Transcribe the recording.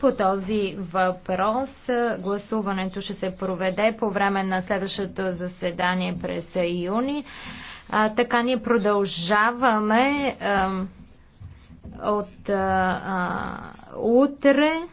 По този въпрос гласуването ще се проведе по време на следващото заседание през юни. А, така ние продължаваме а, от а, утре.